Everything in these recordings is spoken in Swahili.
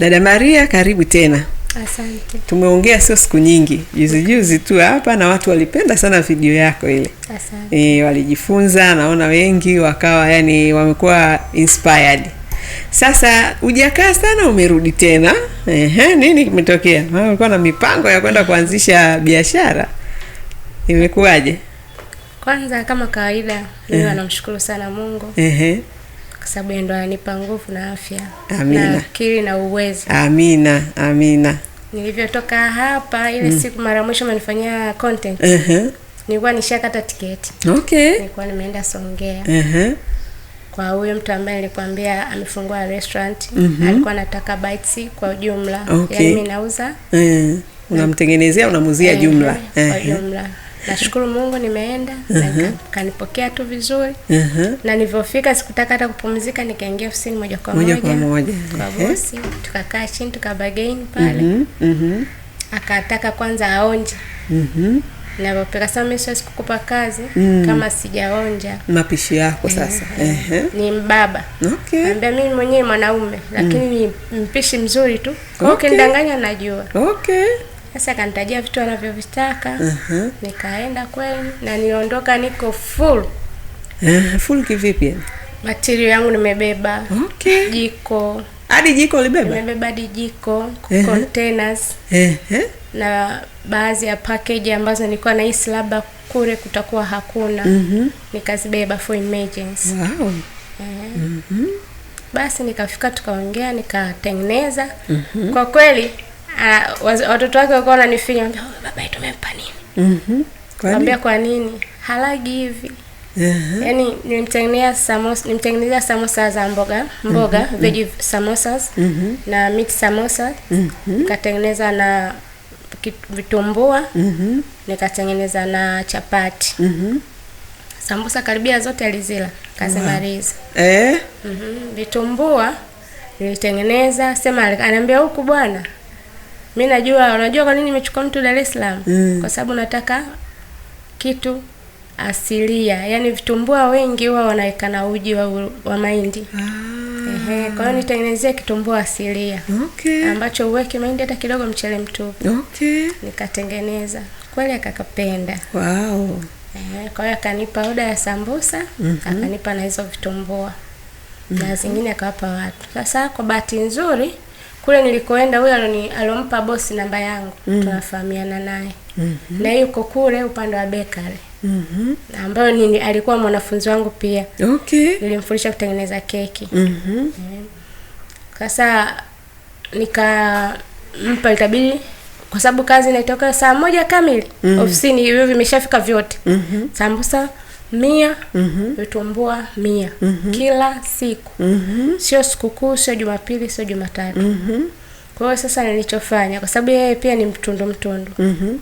Dada Maria, karibu tena. Asante. Tumeongea sio siku nyingi, juzi juzi tu hapa, na watu walipenda sana video yako ile. Asante. E, walijifunza, naona wengi wakawa yani wamekuwa inspired. Sasa hujakaa sana, umerudi tena. Ehe, nini kimetokea? Ulikuwa na mipango ya kwenda kuanzisha biashara, imekuwaje? Kwanza kama kawaida, mimi eh. namshukuru sana Mungu. Ehe sababu yeye ndo ananipa nguvu na afya amina, na akili na uwezo amina, amina. Nilivyotoka hapa ile mm. siku mara mwisho amenifanyia content uh -huh. nilikuwa nishakata tiketi okay. nilikuwa nimeenda Songea uh -huh. kwa huyo mtu ambaye nilikwambia amefungua restaurant uh mhm. -huh. alikuwa anataka bites kwa ujumla yaani okay. yaani mimi nauza uh eh. -huh. unamtengenezea unamuzia uh eh, -huh. jumla uh -huh. kwa jumla Nashukuru Mungu nimeenda uh -huh. na kanipokea tu vizuri uh -huh. na nilivyofika sikutaka hata kupumzika, nikaingia ofisini moja kwa moja kwa moja kwa bosi, tukakaa chini tukabagaini pale uh -huh. uh -huh. akataka kwanza aonje uh mhm. -huh. Navyopeka sasa, mimi siwezi kukupa kazi mm. kama sijaonja mapishi yako sasa. uh-huh. ni mbaba okay. Naambia mimi mwenyewe mwanaume, lakini mm. ni mpishi mzuri tu okay. Ukindanganya najua okay. Sasa akanitajia vitu anavyovitaka. Uh-huh. Nikaenda kweli na niliondoka niko full. Uh, full kivipi? Material yangu nimebeba. Okay. Jiko. Hadi jiko ulibeba? Nimebeba hadi jiko, uh-huh. containers. Eh. Uh-huh. Na baadhi ya package ambazo nilikuwa na hisi labda kule kutakuwa hakuna. Uh-huh. Nikazibeba for emergency. Wow. Uh-huh. Uh-huh. Basi nikafika tukaongea, nikatengeneza. Uh-huh. Kwa kweli Ah, watoto wake walikuwa wananifinya, ambia oh, baba tumempa nini? mm -hmm. ambia kwa nini halagi hivi uh -huh. Yani nimtengenezea samosa, samosa za mboga mboga mm -hmm. veggie samosas mm -hmm. na mit samosa mm -hmm. na vitumbua mm -hmm. nikatengeneza na chapati mm -hmm. Sambusa karibia zote alizila kazimaliza eh? mm -hmm. Vitumbua nilitengeneza, sema anaambia huku bwana mi najua. Unajua kwa nini nimechukua mtu Dar es Salaam? mm. kwa sababu nataka kitu asilia, yaani vitumbua wengi huwa wanaweka na uji wa, wa mahindi ah. Ehe, kwa hiyo nitengenezea kitumbua asilia okay. ambacho uweke mahindi hata kidogo, mchele mtupu okay. Nikatengeneza kweli, akakapenda wow. kwa hiyo akanipa oda ya sambusa mm -hmm. akanipa na hizo vitumbua mm -hmm. na mhm. zingine akawapa watu. Sasa kwa bahati nzuri kule nilikoenda huyo aloni alompa bosi namba yangu mm. tunafahamiana naye mm -hmm. na yuko kule upande wa bakery mm -hmm. ambayo nini alikuwa mwanafunzi wangu pia okay. nilimfundisha kutengeneza keki mm -hmm. yeah. Sasa nikampa, itabidi kwa sababu kazi inatoka saa moja kamili mm -hmm. ofisini, hivyo vimeshafika vyote mm -hmm. sambusa mia mm -hmm. vitumbua mia mm -hmm. kila siku mm -hmm. sio sikukuu, sio Jumapili, sio Jumatatu mm -hmm. Kwa hiyo sasa nilichofanya kwa sababu yeye pia ni mtundu mtundu mm -hmm.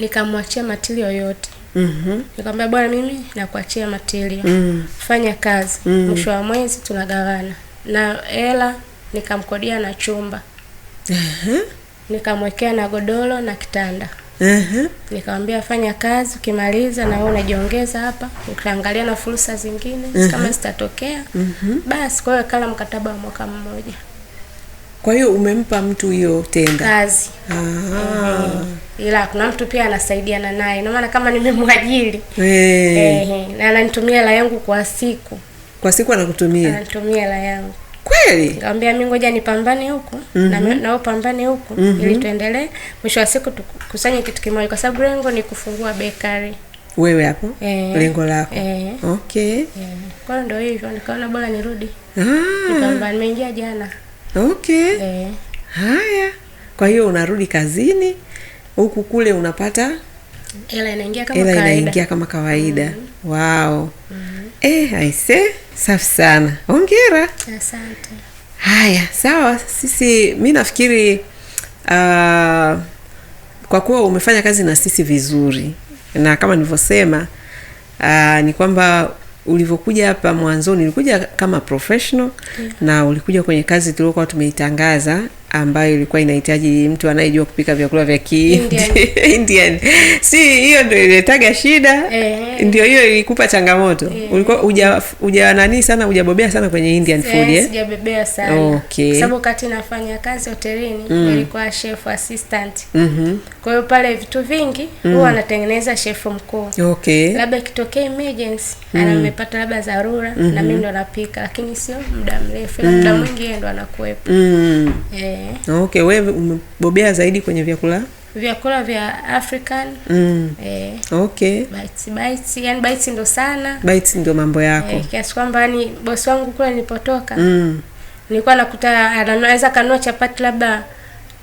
nikamwachia matilio yote mm -hmm. nikamwambia, bwana, mimi nakuachia matilio mm -hmm. fanya kazi mm -hmm. mwisho wa mwezi tunagawana na hela, nikamkodia na chumba mm -hmm. nikamwekea na godoro na kitanda uh-huh. Nikamwambia fanya kazi, ukimaliza na wewe unajiongeza hapa, ukiangalia na fursa zingine uh-huh. kama zitatokea uh-huh. basi. Kwa hiyo kala mkataba wa mwaka mmoja. Kwa hiyo umempa mtu hiyo tenda kazi ah. ila kuna mtu pia anasaidiana naye, ndio maana kama nimemwajili hey. na ananitumia hela yangu kwa siku, kwa siku anakutumia, anatumia hela yangu kweli. kaambia mimi ngoja nipambane huku mm -hmm. na nao pambane huku mm -hmm. ili tuendelee, mwisho wa siku tukusanye kitu kimoja, kwa sababu lengo ni kufungua bakery. Wewe hapo eh, lengo lako eh, okay eh. Kwa ndio hivyo, nikaona bora nirudi ah. nimeingia jana okay eh. Haya, kwa hiyo unarudi kazini huku, kule unapata ela inaingia kama kawaida, inaingia kama kawaida. Mm -hmm. Wow. Mm -hmm. Eh, aise, safi sana, hongera. Asante. Haya, sawa. Sisi mi nafikiri uh, kwa kuwa umefanya kazi na sisi vizuri na kama nilivyosema uh, ni kwamba ulivyokuja hapa mwanzoni ulikuja kama professional yeah. Na ulikuja kwenye kazi tuliokuwa tumeitangaza ambayo ilikuwa inahitaji mtu anayejua kupika vyakula vya Kiindian. Si hiyo ndo iletaga shida eh? Ndio hiyo ilikupa changamoto eh? Ulikuwa uja, uja nani sana ujabobea sana kwenye Indian yes, food eh? Sijabobea sana okay. sababu kati nafanya kazi hotelini mm. chef assistant mm -hmm. Kwa hiyo pale vitu vingi mm. anatengeneza chef mkuu okay. Labda ikitokea emergency mm. labda dharura mm -hmm. na mm-hmm. mimi ndo napika, lakini sio muda mrefu mm. muda mwingi ndo anakuwepo mm. Eh eh. Okay, wewe umebobea zaidi kwenye vyakula vyakula vya African mm. Eh, okay bites, bites, yani bites ndo sana bites ndo mambo yako eh, kiasi kwamba ni bosi wangu kule nilipotoka mm. nilikuwa nakuta anaweza kanua chapati labda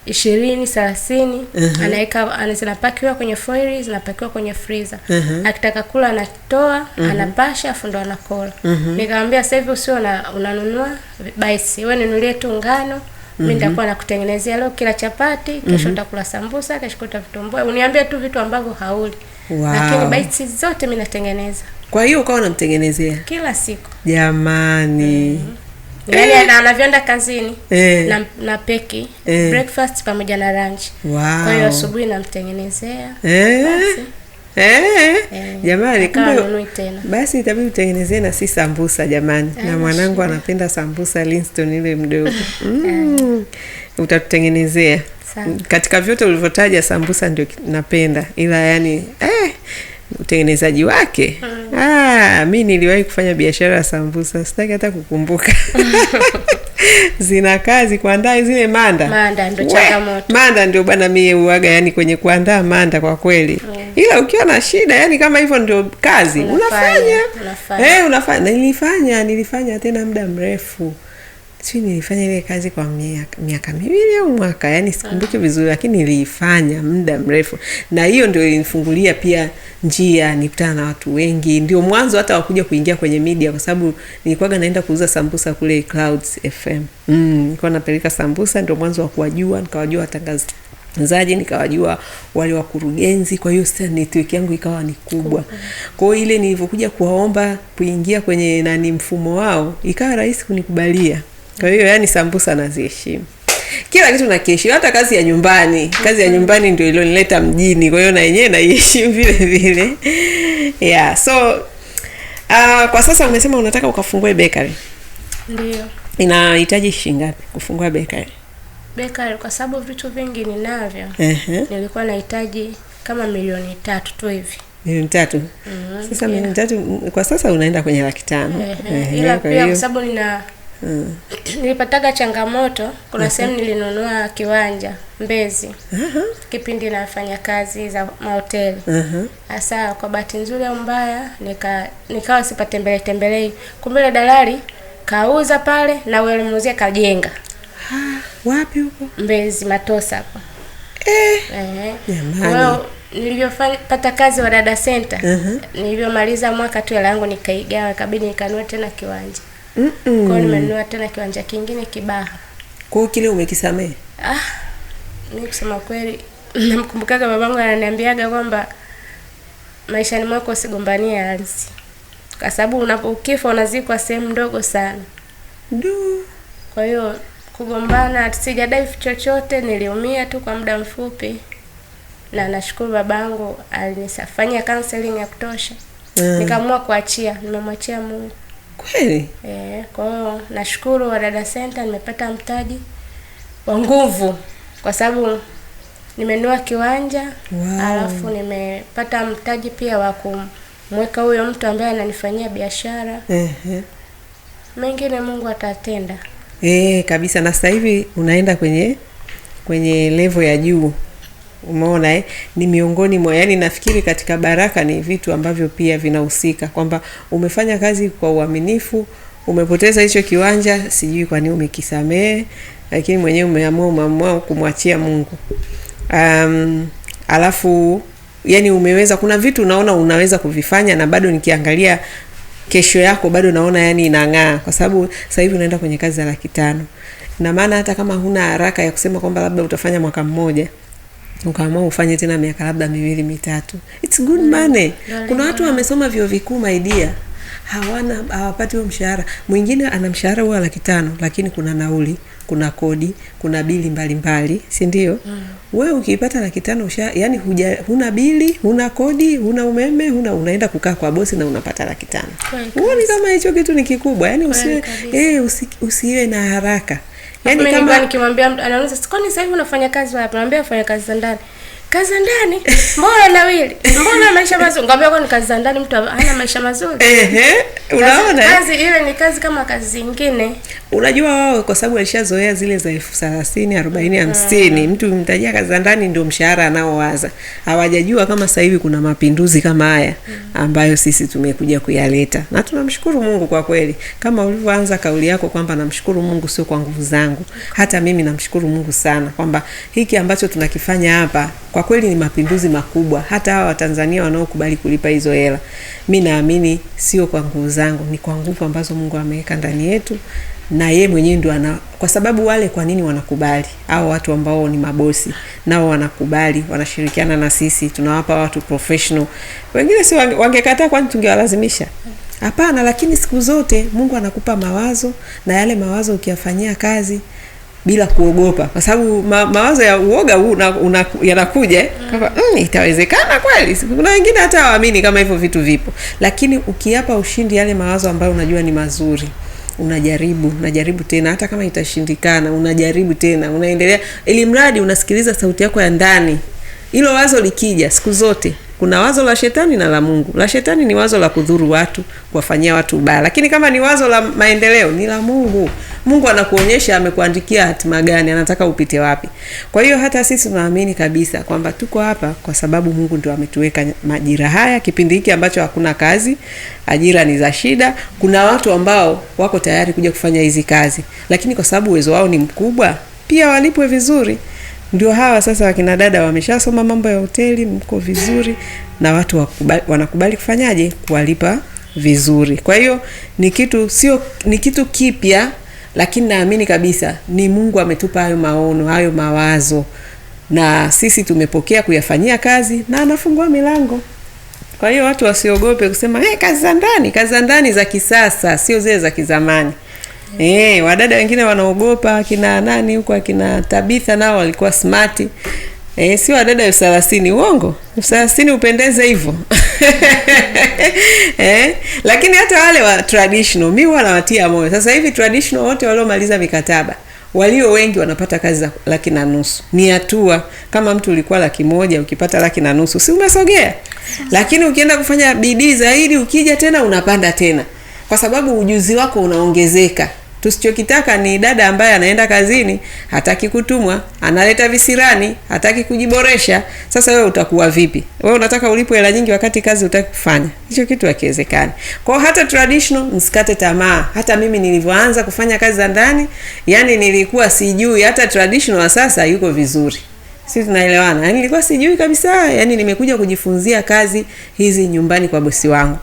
ishirini thelathini uh-huh. anaweka zinapakiwa kwenye foili zinapakiwa kwenye freezer uh-huh. akitaka kula anatoa uh-huh. anapasha afu ndo anakola uh-huh. nikamwambia sasa hivi usio unanunua baisi we nunulie tu ngano mm -hmm. nitakuwa nakutengenezea leo kila chapati kesho mm -hmm. sambusa kesho vitumbua uniambie tu vitu ambavyo hauli wow. lakini baiti zote mi natengeneza kwa hiyo ukawa namtengenezea kila siku jamani mm -hmm. eh. yani anavyoenda kazini eh. na, na peki eh. breakfast pamoja na lunch wow. kwa hiyo asubuhi namtengenezea eh. Eh, eh, jamani basi itabidi utengenezee na si sambusa jamani. Eh, na mwanangu shida. Anapenda sambusa Linston ile mdogo eh. mm. Utatutengenezea katika vyote ulivyotaja, sambusa ndio napenda, ila yani eh, utengenezaji wake mm. Ah, mi niliwahi kufanya biashara ya sambusa, sitaki hata kukumbuka zina kazi kuandaa zile manda manda ndio changamoto. Manda ndio bana mie uaga yani kwenye kuandaa manda kwa kweli mm ila ukiwa na shida, yani kama hivyo ndio kazi unafanya, unafanya. Eh, unafanya. Nilifanya nilifanya tena muda mrefu si nilifanya ile kazi kwa miaka, miaka miwili au mwaka, yani sikumbuki ah. vizuri, lakini niliifanya muda mrefu, na hiyo ndio ilinifungulia pia njia, nikutana na watu wengi, ndio mwanzo hata wakuja kuingia kwenye media, kwa sababu nilikuwaga naenda kuuza sambusa kule Clouds FM. Mm, nilikuwa napeleka sambusa, ndio mwanzo wa kuwajua, nikawajua watangazaji zaji nikawajua wale wakurugenzi, kwa hiyo sasa network yangu ikawa ni kubwa. Kwa hiyo ile nilivyokuja kuwaomba kuingia kwenye nani mfumo wao, ikawa rahisi kunikubalia. Kwa hiyo yani, sambusa naziheshimu, kila kitu nakiheshimu, hata kazi ya nyumbani. Kazi ya nyumbani ndio ilionileta mjini, kwa hiyo na yenyewe naiheshimu vile vile. Yeah, so uh, kwa sasa umesema unataka ukafungue bakery, ndio inahitaji shilingi ngapi kufungua bakery? bekari kwa sababu vitu vingi ninavyo. uh-huh. Nilikuwa nahitaji kama milioni tatu tu hivi. Milioni tatu. Mm, sasa yeah. Milioni tatu mm, kwa sasa unaenda kwenye laki tano. uh-huh. Ila pia kwa sababu nina Mm. Nilipataga changamoto. Kuna sehemu nilinunua kiwanja Mbezi. uh-huh. Kipindi nafanya kazi za mahoteli hasa. uh-huh. Kwa bahati nzuri au mbaya, nika nikawa sipatembelei tembelei, kumbe dalali kauza pale na uelemuzia kajenga wapi huko? Mbezi Matosa hapa. Eh. Eh. Nilivyopata kazi dada Center. Uh -huh. Nilivyomaliza mwaka tu hela yangu nikaigawa, kabidi nikanua tena kiwanja. Mm -mm. Kwa nimenunua tena kiwanja kingine Kibaha. Kwa hiyo kile umekisamea? Ah. Mimi kusema kweli namkumbukaga babangu ananiambiaga kwamba maishani mwako usigombanie ardhi. Kwa sababu unapokifa unazikwa sehemu ndogo sana. Du. Kwa hiyo kugombana, sijadai chochote, niliumia tu kwa muda mfupi, na nashukuru babangu alinifanyia counseling ya kutosha mm. Nikaamua kuachia, nimemwachia Mungu kweli eh. Kwa hiyo nashukuru Wadada Center, nimepata mtaji wa nguvu kwa sababu nimenua kiwanja wow. Alafu nimepata mtaji pia wa kumweka huyo mtu ambaye ananifanyia biashara Ehe, Mengine Mungu atatenda e, kabisa. Na sasa hivi unaenda kwenye kwenye levo ya juu, umeona eh? Ni miongoni mwa yani, nafikiri katika baraka ni vitu ambavyo pia vinahusika kwamba umefanya kazi kwa uaminifu, umepoteza hicho kiwanja, sijui kwa nini umekisamehe, lakini mwenyewe umeamua umeamua kumwachia Mungu um, alafu yani umeweza kuna vitu unaona unaweza kuvifanya, na bado nikiangalia kesho yako bado naona yani inang'aa, kwa sababu sasa hivi unaenda kwenye kazi za laki tano. maana hata kama huna haraka ya kusema kwamba labda utafanya mwaka mmoja ukaamua ufanye tena miaka labda miwili mitatu, it's good mm, money. Kuna watu wamesoma vyo vikuu maidia hawana hawapati huo mshahara. Mwingine ana mshahara huwa laki tano, lakini kuna nauli, kuna kodi, kuna bili mbalimbali, si ndio? mm. Wewe ukiipata laki tano yani huja, huna bili, huna kodi, huna umeme, huna unaenda kukaa kwa bosi na unapata laki tano. Huoni kama hicho kitu ni kikubwa? Yani usiwe eh, usi, usiwe na haraka. Yani kama nikimwambia anauliza kwani sasa hivi unafanya kazi wapi? Naambia afanya kazi za ndani kazi za ndani mbona nawili mbona maisha mazuri ngambia kwa ni kazi za ndani mtu hana maisha mazuri ehe unaona eh? kazi ile ni kazi kama kazi zingine unajua wao kwa sababu alishazoea zile za elfu thelathini arobaini hamsini mm. mtu mtajia kazi za ndani ndio mshahara anaowaza hawajajua kama sasa hivi kuna mapinduzi kama haya mm. ambayo sisi tumekuja kuyaleta na tunamshukuru mungu kwa kweli kama ulivyoanza kauli yako kwamba namshukuru mungu sio kwa nguvu zangu hata mimi namshukuru mungu sana kwamba hiki ambacho tunakifanya hapa kwa kweli ni mapinduzi makubwa. Hata hawa Watanzania wanaokubali kulipa hizo hela, mi naamini sio kwa nguvu zangu, ni kwa nguvu ambazo Mungu ameweka ndani yetu, na yeye mwenyewe ndo ana, kwa sababu wale, kwa nini wanakubali? Au watu ambao ni mabosi nao wanakubali, wanashirikiana na sisi, tunawapa watu professional. Wengine si wangekataa, kwani tungewalazimisha? Hapana. Lakini siku zote Mungu anakupa mawazo, na yale mawazo ukiyafanyia kazi bila kuogopa, kwa sababu ma, mawazo ya uoga huu yanakuja mm, itawezekana kweli. Kuna wengine hata hawaamini kama hivyo vitu vipo, lakini ukiapa ushindi yale mawazo ambayo unajua ni mazuri unajaribu unajaribu tena, hata kama itashindikana, unajaribu tena, unaendelea, ili mradi unasikiliza sauti yako ya ndani. Hilo wazo likija siku zote kuna wazo la shetani na la Mungu. La shetani ni wazo la kudhuru watu, kuwafanyia watu ubaya, lakini kama ni wazo la maendeleo ni la Mungu. Mungu anakuonyesha amekuandikia hatima gani, anataka upite wapi. Kwa hiyo hata sisi tunaamini kabisa kwamba tuko hapa kwa sababu Mungu ndio ametuweka majira haya, kipindi hiki ambacho hakuna kazi, ajira ni za shida. Kuna watu ambao wako tayari kuja kufanya hizi kazi, lakini kwa sababu uwezo wao ni mkubwa, pia walipwe vizuri ndio hawa sasa wakina dada wameshasoma mambo ya hoteli, mko vizuri na watu wakubali, wanakubali kufanyaje kuwalipa vizuri. Kwa hiyo ni kitu sio, ni kitu kipya, lakini naamini kabisa ni Mungu ametupa hayo maono, hayo mawazo, na sisi tumepokea kuyafanyia kazi na anafungua milango. Kwa hiyo watu wasiogope kusema eh, kazi za ndani, kazi za ndani za kisasa, sio zile za kizamani eh, wadada wengine wanaogopa, akina nani huko, akina Tabitha nao walikuwa smart. Eh, si wadada elfu thelathini uongo, elfu thelathini upendeze hivyo eh, lakini hata wale wa traditional mimi huwa nawatia moyo. Sasa hivi traditional wote waliomaliza mikataba walio wengi wanapata kazi za laki na nusu. Ni hatua. Kama mtu ulikuwa laki moja ukipata laki na nusu, si umesogea? Lakini ukienda kufanya bidii zaidi, ukija tena unapanda tena, kwa sababu ujuzi wako unaongezeka. Tusichokitaka ni dada ambaye anaenda kazini, hataki kutumwa, analeta visirani, hataki kujiboresha. Sasa wewe utakuwa vipi? Wewe unataka ulipo hela nyingi wakati kazi hutaki kufanya. Hicho kitu hakiwezekani. kwao hata traditional msikate tamaa. Hata mimi nilivyoanza kufanya kazi za ndani, yani nilikuwa sijui hata traditional wa sasa yuko vizuri. si tunaelewana. Yaani nilikuwa sijui kabisa. yani nimekuja kujifunzia kazi hizi nyumbani kwa bosi wangu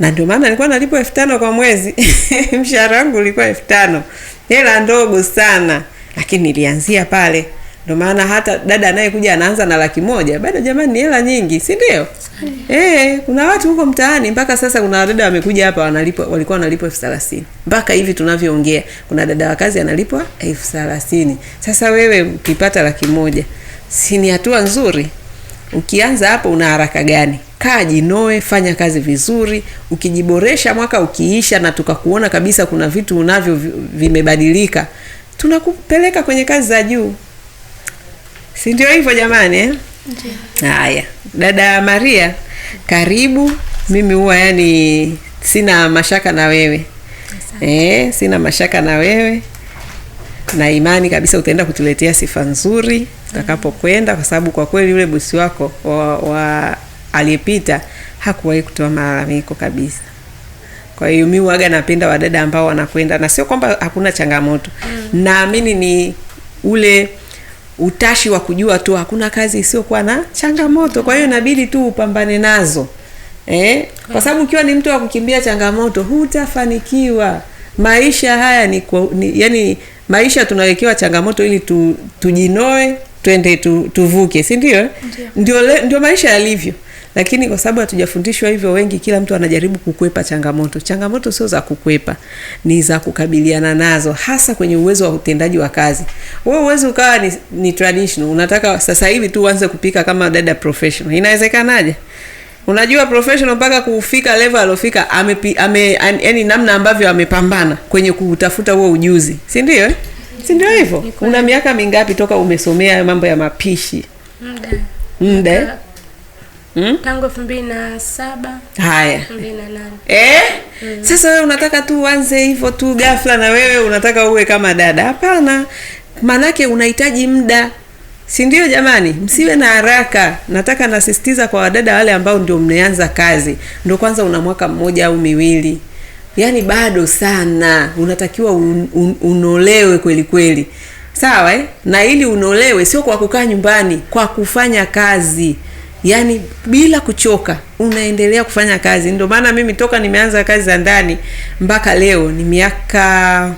na ndio maana nilikuwa nalipwa elfu tano kwa mwezi mshahara wangu ulikuwa elfu tano hela ndogo sana, lakini nilianzia pale. Ndio maana hata dada anayekuja anaanza na laki moja bado, jamani, ni hela nyingi, si ndio? Eh, kuna watu huko mtaani mpaka sasa, kuna dada wamekuja hapa wanalipwa, walikuwa wanalipwa elfu thelathini mpaka hivi tunavyoongea, kuna dada wa kazi analipwa elfu thelathini Sasa wewe ukipata laki moja si ni hatua nzuri? Ukianza hapo una haraka gani? Kaa jinoe, fanya kazi vizuri. Ukijiboresha mwaka ukiisha na tukakuona kabisa kuna vitu unavyo vimebadilika, tunakupeleka kwenye kazi za juu, si ndio hivyo jamani eh? Haya, dada Maria, karibu. Mimi huwa yani sina mashaka na wewe eh, sina mashaka na wewe na imani kabisa utaenda kutuletea sifa nzuri utakapokwenda kwa sababu kwa kweli yule bosi wako wa, wa aliyepita hakuwahi kutoa malalamiko kabisa. Kwa hiyo mi waga napenda wadada ambao wanakwenda, na sio kwamba hakuna changamoto mm. Naamini ni ule utashi wa kujua tu hakuna kazi isiyokuwa na changamoto, kwa hiyo inabidi tu upambane nazo eh? Kwa sababu ukiwa ni mtu wa kukimbia changamoto hutafanikiwa. Maisha haya ni, kwa, ni yani maisha tunawekewa changamoto ili tu, tujinoe twende tu, tuvuke, si ndio? Eh? Ndio, ndio maisha yalivyo, lakini kwa sababu hatujafundishwa hivyo, wengi, kila mtu anajaribu kukwepa changamoto. Changamoto sio za kukwepa, ni za kukabiliana nazo, hasa kwenye uwezo wa utendaji wa kazi. Wewe uwezo ukawa ni, ni traditional, unataka sasa hivi tu uanze kupika kama dada professional, inawezekanaje? Unajua professional mpaka kufika level alofika, ame, ame, yani namna ambavyo amepambana kwenye kutafuta huo ujuzi, si ndio? Eh? si ndio hivyo? Una miaka mingapi toka umesomea mambo ya mapishi? Mda Tangu hmm? Haya. Eh? Mm. Sasa wewe unataka tu uanze hivyo tu ghafla na wewe unataka uwe kama dada? Hapana, maanake unahitaji muda, si ndio? Jamani, msiwe na haraka. Nataka nasisitiza kwa wadada wale ambao ndio mmeanza kazi, ndio kwanza una mwaka mmoja au miwili yani bado sana unatakiwa un, un, unolewe kweli kweli, sawa eh? Na ili unolewe sio kwa kukaa nyumbani, kwa kufanya kazi yani bila kuchoka unaendelea kufanya kazi. Ndio maana mimi toka nimeanza kazi za ndani mpaka leo ni miaka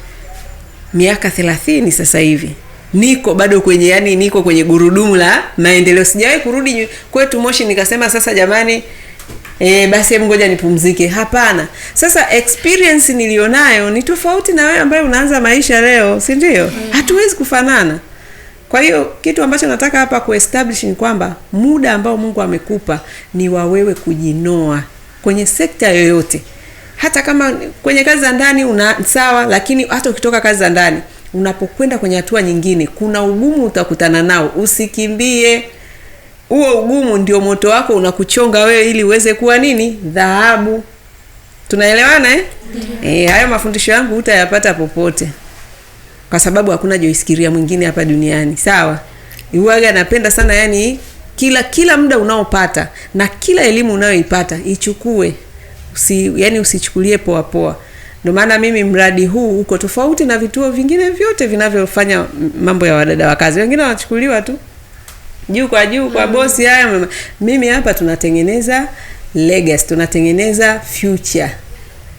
miaka thelathini sasa hivi niko bado kwenye yani niko kwenye gurudumu la maendeleo. Sijawahi kurudi kwetu Moshi nikasema sasa jamani e, basi hebu ngoja nipumzike. Hapana. Sasa experience nilionayo ni tofauti na wewe ambaye unaanza maisha leo, si ndio? Mm. Hatuwezi kufanana. Kwa hiyo kitu ambacho nataka hapa kuestablish ni kwamba muda ambao Mungu amekupa ni wa wewe kujinoa kwenye sekta yoyote, hata kama kwenye kazi za ndani una sawa, lakini hata ukitoka kazi za ndani unapokwenda kwenye hatua nyingine, kuna ugumu utakutana nao, usikimbie huo ugumu ndio moto wako unakuchonga wewe ili uweze kuwa nini? Dhahabu. Tunaelewana eh? E, eh, hayo mafundisho yangu utayapata popote, kwa sababu hakuna joisikiria mwingine hapa duniani. Sawa, uwaga napenda sana yani, kila kila muda unaopata na kila elimu unayoipata ichukue, usi, yani usichukulie poa poa. Ndio maana mimi mradi huu uko tofauti na vituo vingine vyote vinavyofanya mambo ya wadada wa kazi. Wengine wanachukuliwa tu juu kwa juu kwa mm. bosi. Haya mama, mimi hapa tunatengeneza legacy, tunatengeneza future.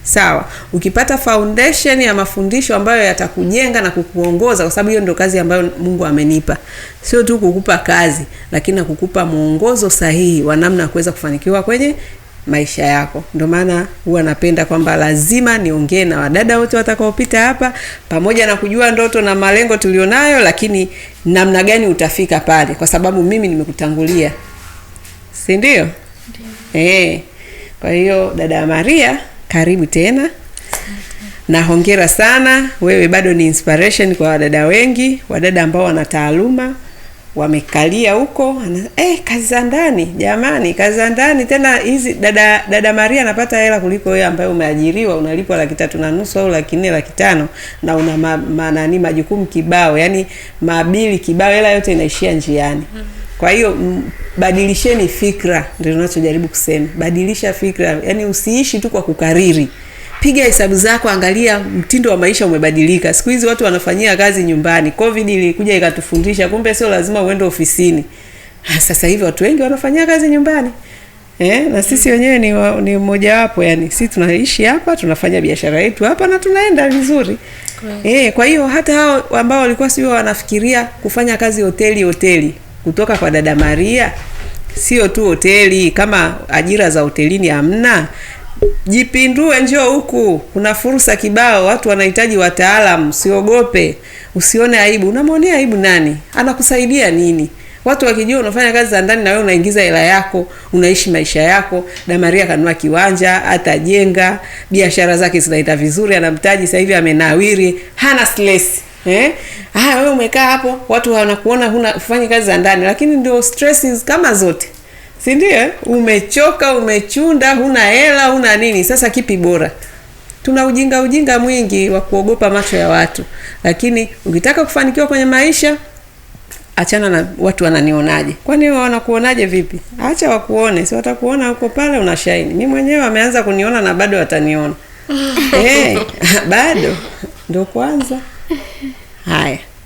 Sawa, ukipata foundation ya mafundisho ambayo yatakujenga na kukuongoza, kwa sababu hiyo ndio kazi ambayo Mungu amenipa, sio tu kukupa kazi, lakini na kukupa mwongozo sahihi wa namna ya kuweza kufanikiwa kwenye maisha yako. Ndio maana huwa napenda kwamba lazima niongee na wadada wote watakaopita hapa, pamoja na kujua ndoto na malengo tulionayo, lakini namna gani utafika pale, kwa sababu mimi nimekutangulia, si ndio? Eh, kwa hiyo dada Maria, karibu tena na hongera sana. Wewe bado ni inspiration kwa wadada wengi, wadada ambao wana taaluma wamekalia huko eh, kazi za ndani jamani, kazi za ndani tena hizi. Dada dada Maria anapata hela kuliko wewe ambaye umeajiriwa, unalipwa laki tatu na nusu au laki nne laki tano na una ma, ma, nani majukumu kibao, yani mabili kibao, hela yote inaishia njiani. Kwa hiyo badilisheni fikra, ndio tunachojaribu kusema, badilisha fikra, yani usiishi tu kwa kukariri piga hesabu zako, angalia mtindo wa maisha umebadilika. Siku hizi watu wanafanyia kazi nyumbani. Covid ilikuja ikatufundisha, kumbe sio lazima uende ofisini. Ah, sasa hivi watu wengi wanafanyia kazi nyumbani. Eh, na sisi mm. wenyewe ni, ni mmoja wapo yani, sisi tunaishi hapa tunafanya biashara yetu hapa na tunaenda vizuri eh. Kwa hiyo hata hao ambao walikuwa sio wanafikiria kufanya kazi hoteli hoteli, kutoka kwa dada Maria, sio tu hoteli kama ajira za hotelini hamna, Jipindue, njoo huku, kuna fursa kibao, watu wanahitaji wataalamu. Usiogope, usione aibu. Unamwonea aibu nani? Anakusaidia nini? Watu wakijua unafanya kazi za ndani na wewe unaingiza hela yako, unaishi maisha yako. Damaria kanua kiwanja, atajenga, biashara zake zinaita vizuri, anamtaji sasa hivi, amenawiri, hana stress. Eh? Ah, wewe umekaa hapo, watu wanakuona huna kazi za ndani, lakini ndio stresses kama zote si ndio? Eh? Umechoka, umechunda, huna hela, huna nini. Sasa kipi bora? Tuna ujinga ujinga mwingi wa kuogopa macho ya watu, lakini ukitaka kufanikiwa kwenye maisha achana na watu wananionaje. Kwani wao wanakuonaje vipi? Acha wakuone, si watakuona huko pale una shine. Mimi mwenyewe ameanza kuniona na bado wataniona. Eh, hey, bado ndo kwanza. Haya.